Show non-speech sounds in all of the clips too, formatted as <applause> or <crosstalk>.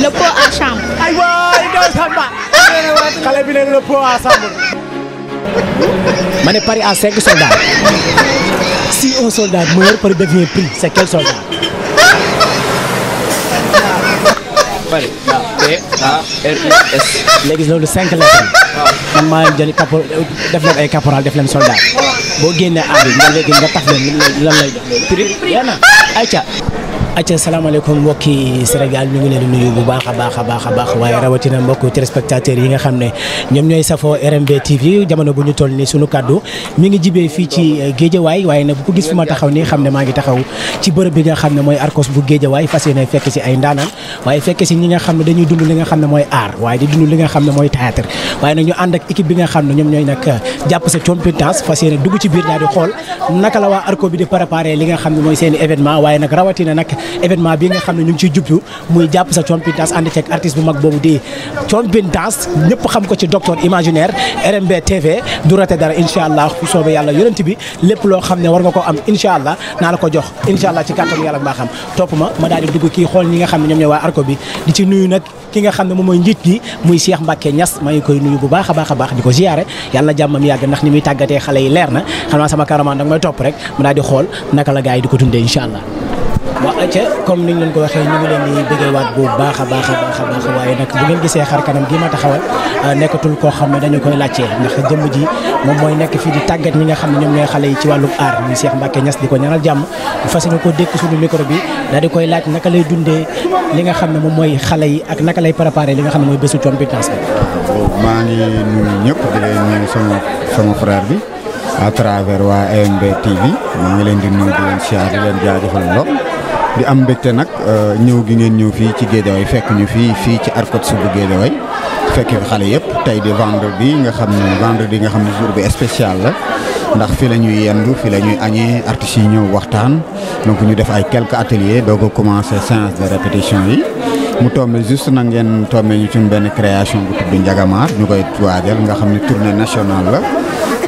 le pot à chambre. aywa li doon si un soldat meurt pari devient pris c'est quel soldat. CRS. léegi loolu cinq lettres man maa leen jël def leen ay caporal def leen soldat boo génnee aar yi nga léegi nga taf la lan lay def prix. acca salaamaaleykum mbokki Sénégal ñu ngi leen di nuyu bu baax a baax a baax a baax waaye rawatina mbokk téléspectateurs yi nga xam ne ñoom ñooy safoo RMB TV jamono bu ñu toll nii sunu kaddu mi ngi jibee fii ci Géejawaay waaye nag bu ko gis fu ma taxaw nii xam ne maa ngi taxaw ci bërëb bi nga xam ne mooy Arcos bu Géejawaay fas yéene fekk si ay ndaanaan waaye fekk si ñi nga xam ne dañuy dund li nga xam ne mooy art waaye di dund li nga xam ne mooy théâtre waaye nag ñu ànd ak équipe ne ñoom ñooy nag jàpp sa compétence fas yéene naka la waa Arcos bi di li nga xam ne mooy seen événement waaye nag rawatina nag événement bi nga xam ne ñu ngi ciy jublu muy jàpp sa Thione Pine Danse ànd ceeg artiste bu mag boobu di Thione Pine Danse xam ko ci docteur imaginaire RMB TV du rate dara incha allah ku soobee yàlla yonent bi lépp loo xam ne war nga koo am incha allah naa la ko jox incha allah ci kàttanu yàlla baa xam topp ma ma daal di dugg kii xool ñi nga xam ne ñoom ñooy waa arko bi di ci nuyu nag ki nga xam ne moom mooy njiit gi muy Cheikh Mbacke Niass ma koy nuyu bu baax a baax a baax di ko ziyaare yàlla jàmmam yàgg ndax ni muy tàggatee xale yi leer na xam naa sama cameraman danga topp rek mu daal di naka la gars yi di ko dundee incha waaw ca comme niñ leen ko waxee ñu ngi leen di bëggee waat bu baax a baax a baax a baax waaye nag bu ngeen gisee xar kanam gi ma taxawal euh, nekkatul koo xam ne dañu koy laajtee ndax jëmm ji moom mooy nekk fii di tàggat ñi nga xam ne ñoom ñooy yi ci wàllum aar muy Cheikh Mbacke di ko ñaanal jàmm fas ko dékk suñu micro bi daal di koy laaj naka lay dundee li nga xam ne moom mooy yi ak naka lay préparé li nga xam ne mooy compétence ngi ñëpp di leen sama sama frère bi à travers waa EMB TV maa ngi leen di nuyu di leen di leen jaajëfal lool di am mbégte nag euh, ñëw gi ngeen ñew fi ci Guédiawaye fekk ñu fi fi ci Arcot Sud bu Guédiawaye fekk fi xale yëpp tey di vendredi nga xamné ne vendredi nga xamné jour bi spécial la ndax fi lañuy yendu fi lañuy ñuy añee artistes yi ñëw waxtaan donc ñu def ay quelques ateliers dogo commencer séance de répétition yi mu tombé juste na ngeen tombé ñu ci ben création bu tudd njagamar ñukoy koy nga xamné ne tournée nationale la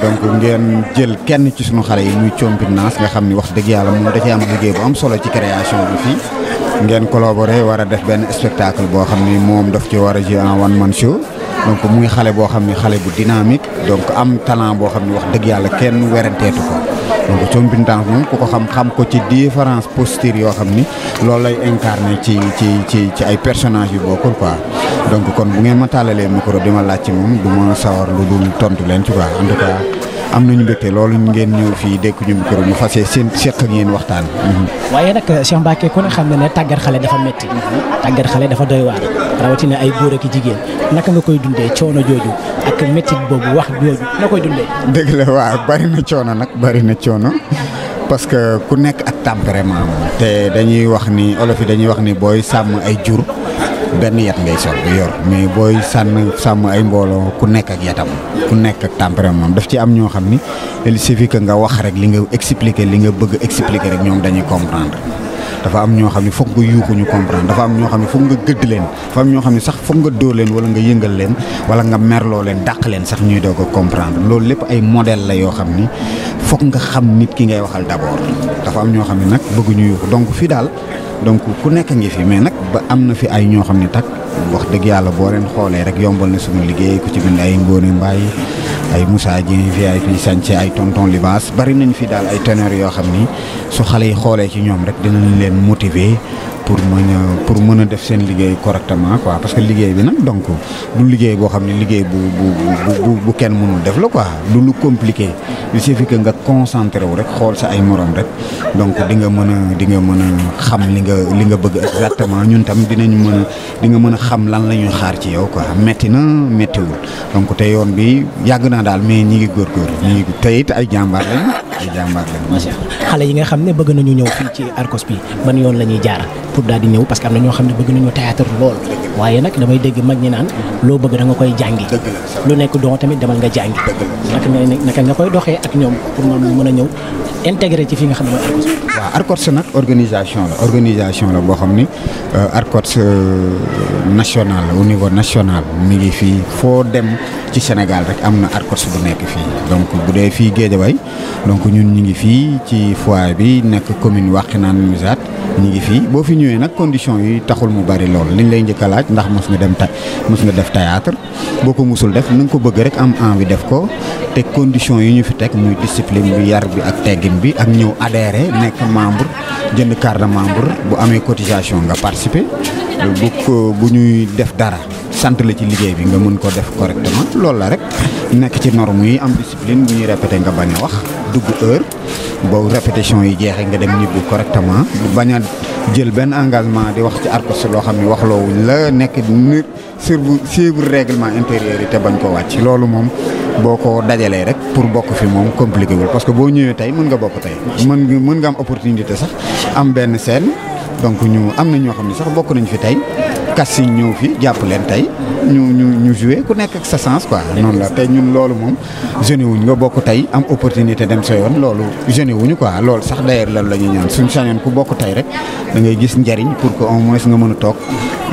donc ngeen jël kenn ci sunu xale yi muy compétence nga xam ni wax dëgg yàlla moom da cee am liggéey bu am solo ci création bi fii ngeen collaboré war a def benn spectacle boo xam ni moom daf ci war a jouer en one man show donc muy xale boo xam ni xale bu dynamique donc am talent boo xam ni wax dëgg yàlla kenn werenteetu ko donc compétence moom ku ko xam xam ko ci différence posture yoo xam ni loolu lay incarné ci ci ci ci ay personnages yu bokkul quoi donc kon bu ngeen ma tàllalee micro bi ma laaj ci moom du ma sawar lu dul tontu leen ci quoi en tout cas am nañu loolu ngeen ñëw fii dékk ñu micro ñu fas seen seq ak yéen waxtaan. Mhm. waaye nag Cheikh Mbacké ku ne xam na ne tàggat xale dafa métti. tàggat xale dafa doy waar rawatina ay góor ki jigéen naka nga koy dundee coono jooju ak métti boobu wax jooju na koy dundee. dëgg la waaw bari na coono nag bari na coono. parce que ku nekk ak tempérament te dañuy wax ni olof yi dañuy wax ni booy sàmm ay jur benn yet ngay sol yor mais booy sànn sàmm ay mbooloo ku nekk ak yatam ku nekk ak tempérament daf ci am ñoo xam ni il suffit nga wax rek li nga expliquer li nga bëgg expliquer rek ñoom dañuy comprendre dafa am ñoo xam ne foog nga yuuxu ñu comprendre dafa am ñoo xam ne foog nga gëdd leen dafa am ñoo xam ne sax foog nga dóor leen wala nga yëngal leen wala nga merloo leen dàq leen sax ñuy doog a comprendre loolu lépp ay modèle la yoo xam ni foog nga xam nit ki ngay waxal d'abord dafa am ñoo xam ne nag bëgguñu yuuxu donc ku nekk ngi fi mais nag ba am na fi ay ñoo xam ne takk wax deug yalla bo len xoolee rek yombal na suñu liggéey ku ci bind ay ngone mbay ay Moussa Dieng VIP santé ay tonton libas bari nañ fi dal ay teneur yo xamni su xalé yi xoolee ci ñom rek dinañ leen motiver pour meuna pour meuna def sen liggéey correctement quoi parce que liggéey bi nak donc du liggéey bo xamni liggéey bu bu bu bu kenn mënu def la quoi du lu compliqué il suffit que nga concentré wu rek xol sa ay morom rek donc di nga meuna di nga meuna xam li nga li nga bëgg exactement ñun tam dinañ meuna di nga meuna xam lan la ñuy xaar ci yow quoi métti na méttiwul donc te yoon bi yàgg naa daal mais ñi ngi góorgóorlu ñi ngi te it ay jàmbaar lañ ay jàmbaar lañ. macha xale yi nga xam ne bëgg nañu ñëw fii ci Arcos bi ban yoon la ñuy jaar pour daal di ñëw parce que am na ñoo xam ne bëgg nañu théâtre lool. waaye nag damay dégg mag ñi naan loo bëgg da nga koy jàngi lu nekk don tamit demal nga jàngi naka naka nga koy doxee ak ñoom pour moom mën a ñëw intégré ci fi nga xam ne mooy waaw ARCORS nag organisation organisation la boo xam ni euh, ARCORS euh, national au niveau mi ngi fii foo dem ci Sénégal rek am na ARCORS bu nekk fii donc bu dee fii Guédiawaye donc ñun ñu ngi fii ci foyer bi nekk commune Wakhinane Nimzatt ñu ngi fii boo fi ñëwee nag condition yi taxul mu bari lool liñ lay njëkk a laaj ndax mos nga dem ta mos def théâtre boo ko mosul def na ko bëgg rek am envie def ko te condition yi ñu fi teg muy discipline bi yar bi ak teggin bi ak ñëw adhéré nekk membre jënd carte de membre bu amee cotisation nga participer bu bu ñuy def dara sant la ci liggéey bi nga mën ko def correctement lool la rek nek ci norme yi am discipline bu ñuy répété nga bañ wax dugg heure bo répétition yi jeexee nga dem ñibbu correctement bañ jël ben engagement di wax ci arcos lo xamni ne wax loowuñ la nek nit sur suivre règlement intérieur yi te bañ ko wacc loolu mom boko dajalé rek pour bok fi mom compliqué wul parce que bo ñëwé tay mën nga bok tay mën mën nga am opportunité sax am ben scène donc ñu am na ño xamni sax bok nañ fi tay casting ñëw fi jàpp leen tey ñu ñu ñu joué ku nekk ak sa sens quoi noonu la tey ñun loolu moom jeune wuñ nga dem sa yoon loolu jeune wuñu quoi loolu sax d'ailleurs lan la ñuy ñaan suñ sañoon ku bokk tey rek da ngay gis njariñ pour que au moins nga mën a toog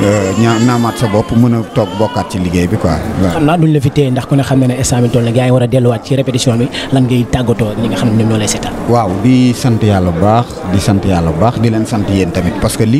euh, ña naamaat sa bopp mën a toog bokkaat ci liggéey bi quoi xam naa duñ la fi téye ndax ku ne xam ne ne instant bi toll na yaa ngi war a delluwaat ci répétition bi lan ngay tàggatoo ñi nga xam ne ñoom ñoo lay seetaan waaw di sant yàlla bu baax di sant yàlla bu baax di leen sant yéen tamit parce que li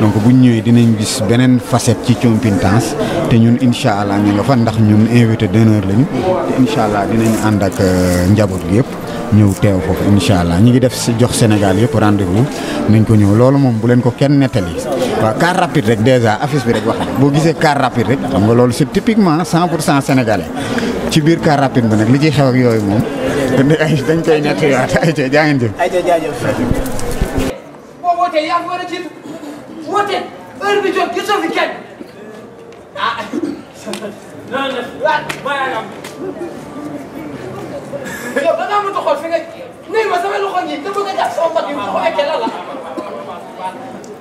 donc bu ñëwé dinañ gis benen facette ci Chompin Dance té ñun inshallah ñu nga fa ndax ñun invité d'honneur lañu té inshallah dinañ and ak euh, njabot yépp ñëw teew foofu insha allah ñu ngi def jox sénégal yëpp rendez vous nañ ko ñëw loolu moom bu leen ko kenn nettali waaw car rapide rek dèjà affiche bi rek wax boo gisee car rapide rek xam nga loolu c'est typiquement cent pour cent sénégalais ci biir car rapide bi nag li ciy xew ak yooyu moom <laughs> dañ koy nett yaat ay ca jaa ngeen jëf ay ca jaajëf boo yaa war a jiitu moo tax heure bi jot gisoo fi kenn ah non non waaw maa ngi am yow da ngaa mën a xool fi nga nuyu ma sama loxo yi te bëgg a jàpp sama mbokk yi ma ko eggee lan la.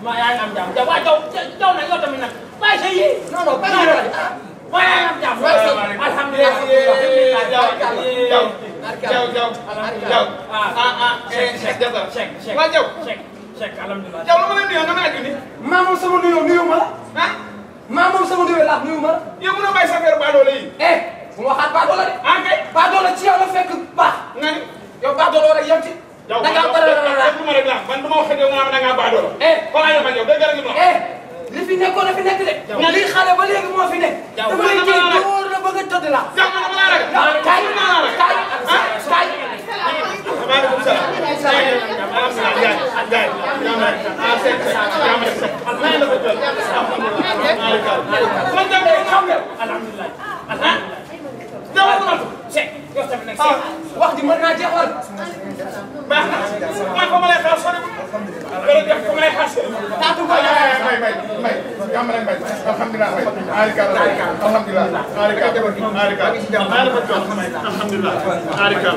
maa yaa ngi am jàmm jàmm waaye taw taw na yow tamit nag waaye sa yii non non benn yoon la ah maa yaa ngi am jàmm. alhamdulilah alhamdulilah jaw jaw jaw ah ah Cheikh Cheikh Cheikh cek alhamdulilah. yow lu ma la nuyoo nga naa junni. maa moom sama nuyoo nuyu ma la. ah maa moom sama nuyoo laax nuyu ma la. yow mën a bàyyi sa affaire baadoola yi. eh bu ma waxaat baadoola de. ah kay baadoola ci yow la fekk baax. nga ni yow baadoola rek yow ci. yow da ngaa baadoola la la ma rek laax man du ma wax ak yow maanaam da ngaa baadoola. eh kon aywa man yow dégg nga li mu wax. Eh, li fi nekkoon na fi nekk de. yow lii xale ba léegi moo fi nekk. yow dama la la la dama lay téye wax ji mën naa jeexal baax na man fa ma lay xaar sori jërëjëf fa ma lay xaar sori taatu ko ya may may may gam na may alhamdulilah may alika alika alhamdulilah alika alika alhamdulilah alika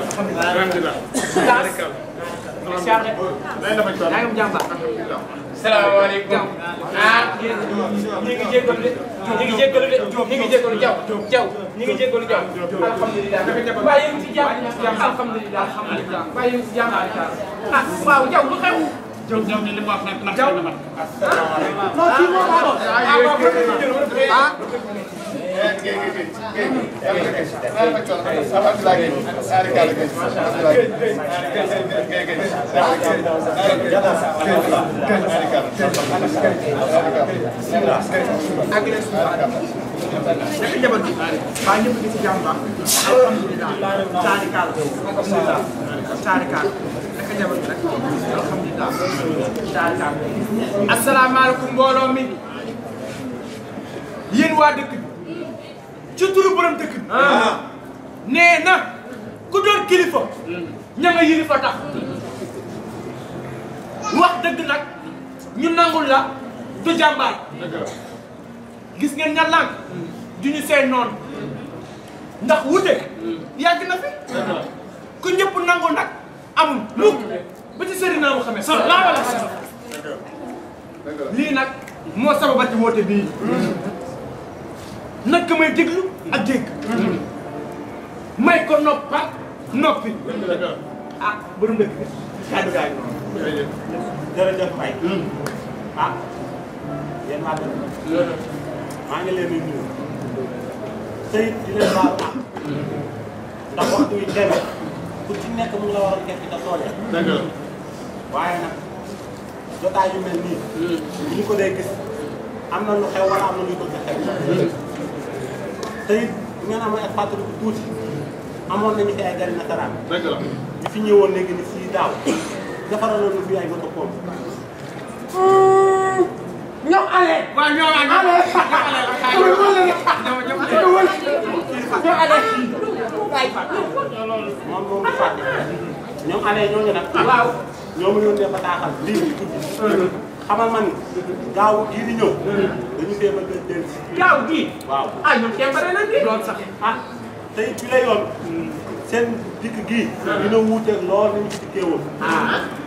alhamdulilah alika salaamaaleykum ah ñu ngi jégalu de ñu ngi jégalu de ñu ngi jégalu jaw jaw ñu ngi jégalu jaw alhamdulilah waaw yéen ci jàmm alhamdulilah waaw yéen ci jàmm ah waaw jaw lu xew jaw jaw ni li mu wax nag nag na ma ah asalaamaaleykum mbooloo mi yéen waa dëkk ci turu borom dëkk ah. nee na ku doon kilifa. Hmm. ña yilifa tax. wax dëgg nag ñu nangul la du jàmbaar. gis ngeen ña lànk hmm. du ñu seen noonu. Hmm. ndax wute. yàgg na fi. ku ñëpp nangul nag amul mukk ba ci sëriñ naa mu xamee. soo laa wala lii nag moo sababati woote bii. Nak may deglu ak deg may ko noppa nopi ah burum deug kaddu gaa non dara def fay ah yéen maa gën ma ngi leen di sey di leen baal ah da waxtu yi demee ku ci nekk mu ngi la war def ci ta doole ya la waaye yu mel ni ñu ko day gis amna lu xew wala amna lu ko xew hmm. te it ngeen am ay fàttaliku tuuti amoon nañu fi ay gari nasaraan. dëgg ñu fi ñëwoon léegi ni fii daaw defaraloon na fi ay moto pompe. ñoom ale. waaw ne bataaxal lii. Hmm. xamal ma ni gaaw gii di ñëw. dañu fee bëgg a dellu gaaw gii. waaw ah ñoom kenn bare nañ fi. loolu sax ah tey bi la yoon. seen dikk gii. dina wuuteeg lool ni ñu fi dikkee woon.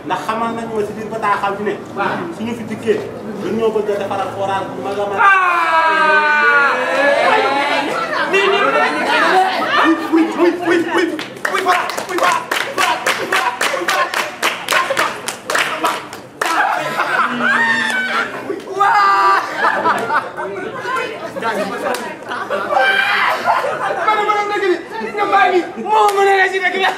ndax xamal nañu ma si biir bataaxal bi ne. waaw suñu fi dikkee. a defaral mag a mag. nii nii nii. wuy wuy wuy wuy wuy forage wuy forage wuy moo mën a rési rek la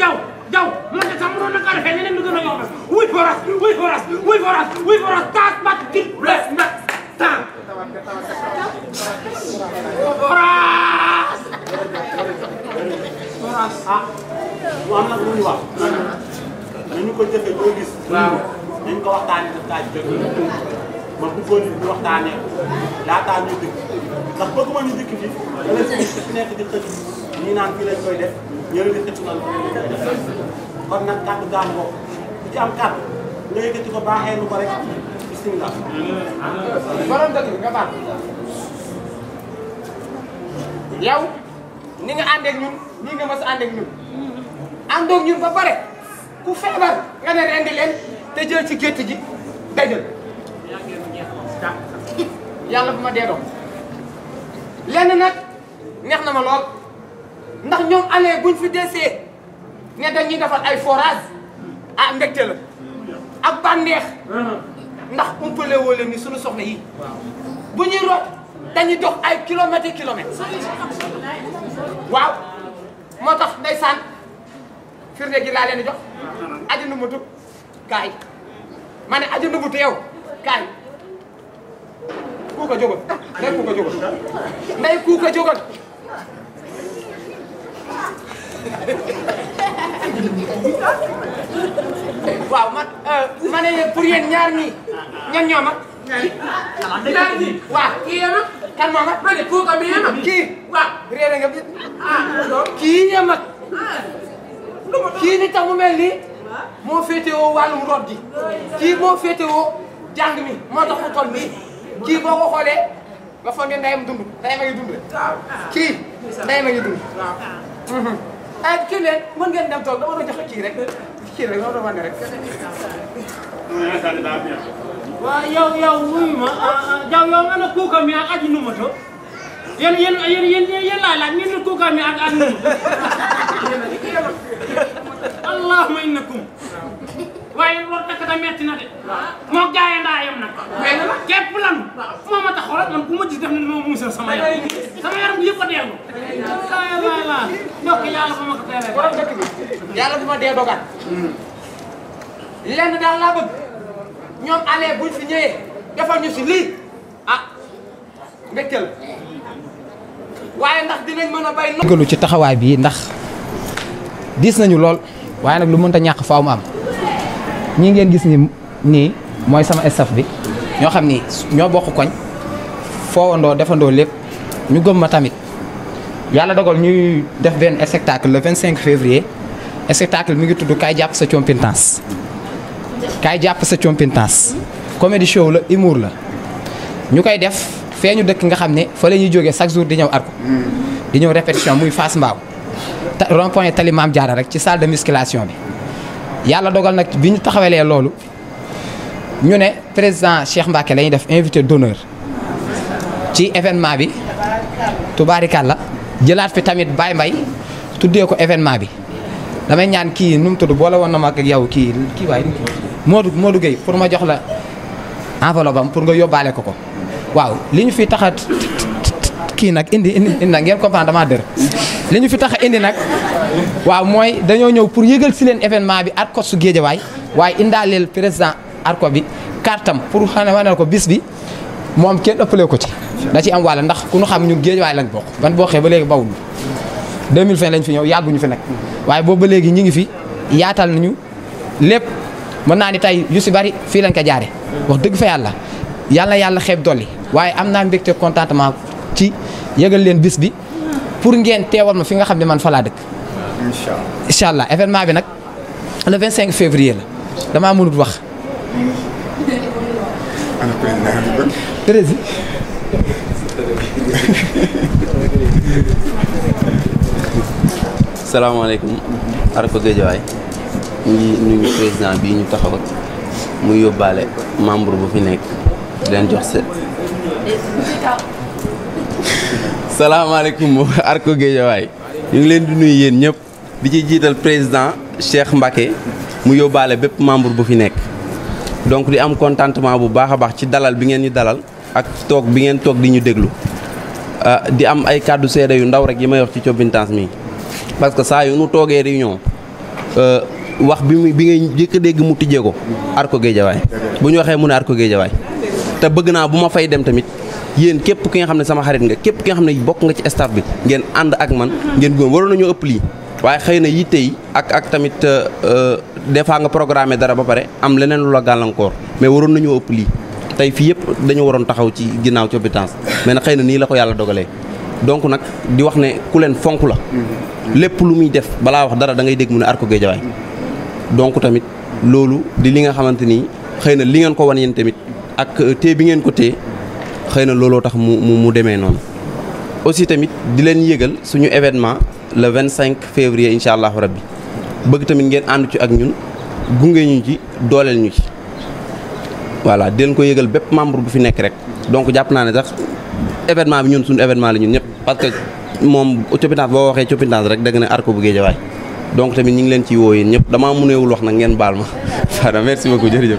jaw jaw man de sax mënoon na ko defee leneen lu gën a yomb wuy foras wuy foras wuy foras wuy foras taas bat kit bles ah, na tan foras foras ah lu am nag lu ñu wax nañu ko jëfe doo gis waaw nañ ko waxtaane daf taa jëg ma bëggoon ñu waxtaanee laataa ñu dëkk ndax bëgguma ñu dëkk fii dala si nekk di xëy ñi naan fii lañ koy def ñëw di xëcc naan fii lañ koy def kon nag kàddu gaal ko ku ci am kàddu nga yëkkati ko baaxee lu ko rek bisimilah. borom dëkk bi nga baal yow ni nga àndeeg ñun nii nga mas àndeeg ñun àndoog ñun ba pare ku feebar nga ne rendi leen te jël ci gétt ji dajal yàlla bu ma dee doon lenn nag neex na ndax ñoom allé buñ fi desee ne dañuy defal ay forage ah mbégte la ak bànneex ndax umpale woo leen ni suñu soxna yi bu ñuy rob dañuy jox ay kilomètres et kilomètres waaw moo tax ndeysaan firnde gi laa leen di jox aji nu mu tub kaay ma ne aji nu mu teew kaay kuuka jógal ndey kuuka jógal ndey kuuka jógal waaw man euh, ma ne pour yéen ñaar ñii. ñan ñoo ma. waaw kii yéen a. kan moo ma ma ne kooku kii waaw nga bi. Ah, kii yéen ah, kii ni tax mel nii. Ah? moo féetewoo wàllum rob ji. kii moo féetewoo jàng mi moo tax mu toll kii boo ko xoolee nga foog ne ndeyam dund ndeyam a ngi dund. kii ndeyam a ngi dund. ah kii leen mën ngeen dem toog dama doon joxe kii rek kii rek loolu wane rek. waaw yow yow wuyu ma jaw ah, ah, yow nga ne kooka mi ak aji numato yéen yéen yéen yéen laay laaj ngeen ne kooka mi ak aji numato <laughs> allahumma innakum wayen war dëkk da metti na de moo gaaye ndaayam nag képp lan moo ma tax xoolal man bu ma gis def na mo muusal sama yaram sama yaram yëpp a dellu wala la yàlla ba ma ko teelee borom dekk bi yàlla bu de dee dogal lenn dal la bëgg ñom alé buñ fi ñëwé defal ñu ci li ah mbégteel waaye ndax dinañ mën a bay. ci taxawaay bi ndax gis nañu lool waaye nak lu mënta ñàkk faaw mu am. ñi ngeen gis ni nii mooy sama staff bi ñoo xam ni ñoo bokk koñ foowandoo defandoo lépp ñu gëm ma tamit yàlla dogal ñuy def benn spectacle le 25 février spectacle mi ngi tudd kaay jàpp sa compétence kaay jàpp sa compétence comédie show la humour la ñu koy def feeñu dëkk nga xam ne fa la ñu jógee chaque jour di ñëw arko di ñëw répétition muy Fass Mbao rond point tali Maam Jaara rek ci salle de musculation bi yàlla dogal nag bi ñu taxawalee loolu ñu ne président Cheikh Mbacké la def invité d'honneur ci événement bi la jëlaat fi tamit Baye mbay tuddee ko événement bi damay ñaan kii nu mu tudd boole woon na ma ak yow kii kii waay Modou Modou Gueye pour ma jox la enveloppe am pour nga yóbbaale ko ko waaw li ñu fi taxat kii nag indi indi nag ngeen comprendre dama dër li ñu fi tax a indi nag waaw mooy dañoo ñëw pour yëgal si leen événement bi ARCOS su Géejawaay waaye indaaleel président ARCOS bi kartam pour xane wane ko bis bi moom kenn ëppale ko ci. da ci am wàll ndax ku ñu xam ñun Géejawaay lañ bokk ban boo xee ba léegi bawul 2020 lañ fi ñëw yàgguñu fi nag waaye boobu ba léegi ñu ngi fi yaatal nañu lépp mën naa ni tey yu si bari fii lañ ko jaare wax dëgg fa yàlla yàlla yàlla xeeb dolli waaye am naa mbégte contentement ci yëgal leen bis bi. pour ngeen téwal ma fi nga xamné man fa laa dëkk. inshallah inshallah événement bi nak le 25 février la damaa mënut wax. salam salaamaaleykum. Arko Guédiawaye ñu ngi président bi ñu taxaw ak mu yobale membre bu fi nek di len jox set salaamaaleykum Arko Guédiawaye ñu ngi leen di nuyu yéen ñëpp di ci jiital président Cheikh Mbacké mu yóbbaale bépp membre bu fi nekk donc di am contentement bu baax a baax ci dalal bi ngeen ñu dalal ak toog bi ngeen toog di ñu déglu ah, di am ay kàddu seede yu ndaw rek yi ma wax ci Thiobbintance mi parce que saa yu nu toogee réunion euh, wax bi mu bi ngay jëkk dégg mu tijjee ko Arko Guédiawaye bu ñu waxee mu ne Arko Guédiawaye te bëgg naa bu ma fay dem tamit yéen képp ki nga xam ne sama xarit nga képp ki nga xam ne bokk nga ci staff bi ngeen ànd ak man ngeen góor waroon nañoo ëpp lii waaye xëy na yitte yi ak ak tamit euh, euh, des fois nga programmé dara ba pare am leneen la gàllankoor mais waroon nañoo ëpp lii tey fii yëpp dañoo waroon taxaw ci ginnaaw ci compétence mais nag xëy na nii la ko yàlla dogalee donc nag di wax ne ku leen fonk la lépp lu muy def balaa wax dara dangay ngay ne Arco Guédiawaye donc tamit loolu di li nga xamante ni xëy na li ngeen ko wan yéen tamit ak euh, tée bi ngeen ko xëy na looloo tax mu mu mu demee noonu aussi tamit di leen yëgal suñu événement le 25 février incha allahu bi bëgg tamit ngeen ànd ci ak ñun gunge ñu ci dooleel ñu ci voilà di leen ko yëgal bépp membre bu fi nekk rek donc jàpp naa ne sax événement bi ñun suñu événement la ñun ñëpp parce que moom coppitance boo waxee coppitance rek da na ne arko bu Géejawaay donc tamit ñu ngi leen ci woo yéen ñëpp damaa mënewul wax na ngeen baal ma. Fada <laughs> merci ko jërëjëf.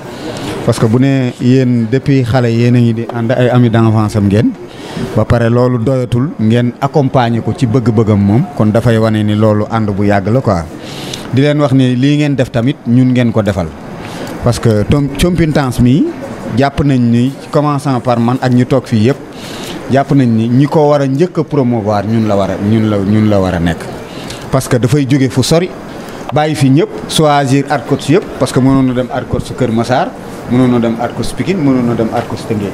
parce que bu ne yeen depuis xalé yeen ngi di and ay amis d'enfance am ngeen ba pare lolu doyatul ngeen accompagner ko ci bëgg-bëggam mom kon fay wané ni lolu and bu yag la quoi di len wax ni li ngeen def tamit ñun ngeen ko defal parce que tom compétence mi japp nañ ni commençant par man ak ñu tok fi yépp japp nañ ni ñiko wara war promouvoir ñun la wara ñun la ñun la wara a parce que fay joggé fu sori bayi fi ñëpp choisir arcot yépp parce que mënon na dem su Kër Massar mënoon na dem Arcos Pikine mënoon na dem Arcos Tëngéej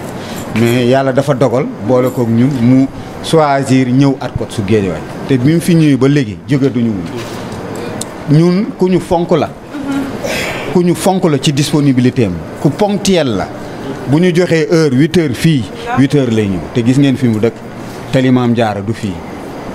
mais yàlla dafa dogal boole kook ñun mu choisir ñëw Arcos su Guédiawaye te bi mu fi ñëwee ba léegi jóge duñu ñu ñun ku ñu fonk la ku ñu fonk la ci disponibilité am ku ponctuel la bu ñu joxee heure huit fii huit lay ñëw te gis ngeen fi mu dëkk te li maam jaara du fii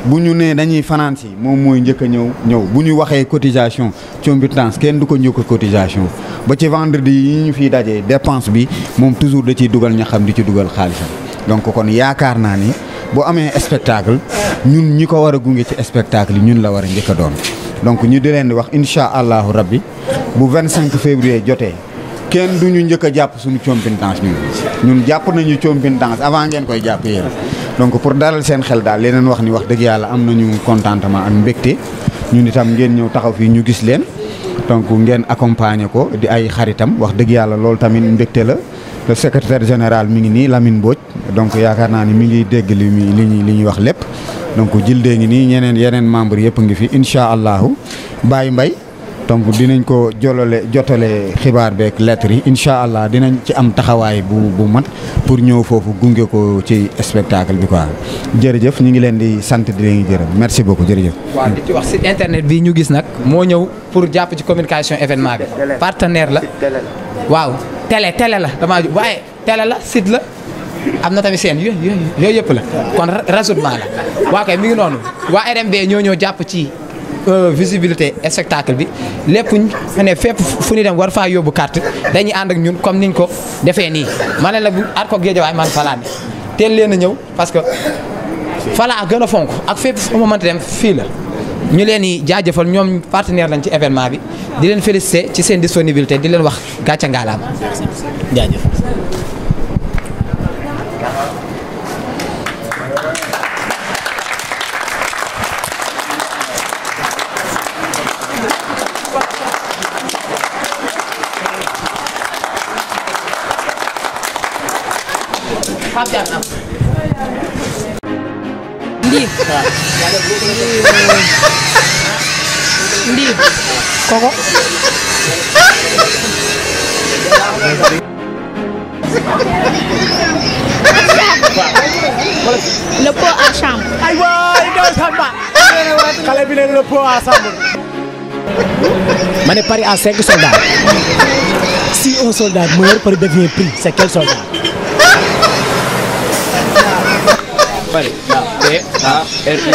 bu ñu nee dañuy fanaan si moom mooy njëkk a ñëw ñëw bu ñu waxee cotisation combitance kenn du ko njëkk cotisation ba ci vendredi yi ñu fiy dajee dépense bi moom toujours da ciy dugal ña xam di ci dugal xaalisam donc kon yaakaar naa ni bu amee spectacle ñun ñi ko war a gunge ci spectacle yi ñun la war a njëkk a doon donc ñu di leen di wax incha allahu rabbi bu 25 février jotee kenn du ñu njëkk a jàpp suñu combitance ñun ñun jàpp nañu combitance avant ngeen koy jàpp donc pour dalal seen xel daal leneen wax ni wax dëgg yàlla am nañu contentement ak mbégte ñun itam ngeen ñëw taxaw fii ñu gis leen donc ngeen accompagner ko di ay xaritam wax dëgg yàlla loolu tamit mbégte la le secrétaire général mi ngi nii lamin Mbodj donc yaakaar naa ni mi ngi dégg li muy li ñuy li ñuy wax lépp donc jildee ngi nii ñeneen yeneen membre yëpp ngi fi incha allahu Baye mbay donc dinañ ko jolole jotale xibaar beeg lettres yi incha allah dinañ ci am taxawaay bu bu mat pour ñëw foofu gunge ko ci spectacle bi quoi jërëjëf ñu ngi leen di sant di leen jërëm merci beaucoup jërëjëf. waaw di ci wax site internet bi ñu gis nag moo ñëw pour jàpp ci communication événement bi partenaire la waaw télé télé la damaa waaye télé la site la. am na tamit seen yooyu yooyu yëpp la kon rajoutement la waa kay mi ngi noonu waa RMB ñoo ñoo jàpp ci Euh, visibilité spectacle bi lépp ñu ne fépp fu ñu dem war faa yóbbu carte dañuy ànd ak ñun comme niñ ko defee nii ma ne la bu aar ko géejawaay man falaa ne teel leen a ñëw parce que falaa gën a fonk ak fépp fu ma mënta dem fii la ñu leen di jaajëfal ñoom partenaire lañ ci événement bi di leen félicité ci seen disponibilité di leen wax gàcce ngalaam jaajëf Pape Diagne am. koko. le pot à chambre. aywa Ido Samba. xale si un soldat meurt, Paris devient pris. C'est soldat? Vale, la, B, la, F.